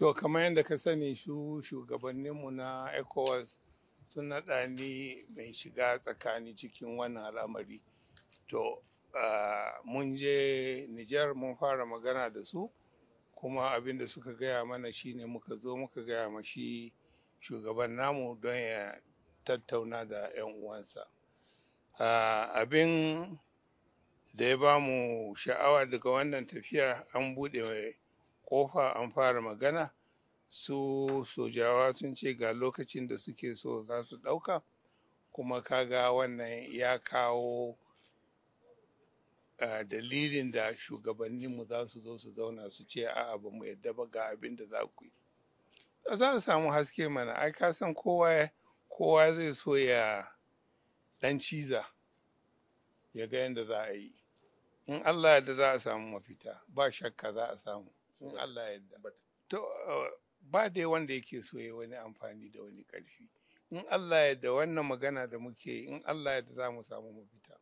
To kamar yadda ka sani shu shugabanninmu na ECOWAS sun naɗa ni mai shiga tsakani cikin wannan al'amari. To mun je Nijar mun fara magana da su kuma abin da suka gaya mana shine muka zo muka gaya ma shi shugaban namu don ya tattauna da 'yan uwansa. Abin da ya ba mu sha'awa daga wannan tafiya an buɗe kofa an fara magana su sojawa sun ce ga lokacin da suke so za su ɗauka kuma kaga wannan ya kawo dalilin da shugabanninmu za su zo su zauna su ce a'a ba mu yadda ba ga abin da za ku yi za a samu haske mana ai ka san kowa kowa zai so ya dan ciza ya ga yadda za a yi in allah da za a samu mafita ba shakka za a samu in Allah ya to uh, ba dai wanda yake so ya wani amfani da wani ƙarfi in Allah ya wannan magana da muke in Allah ya za mu samu mafita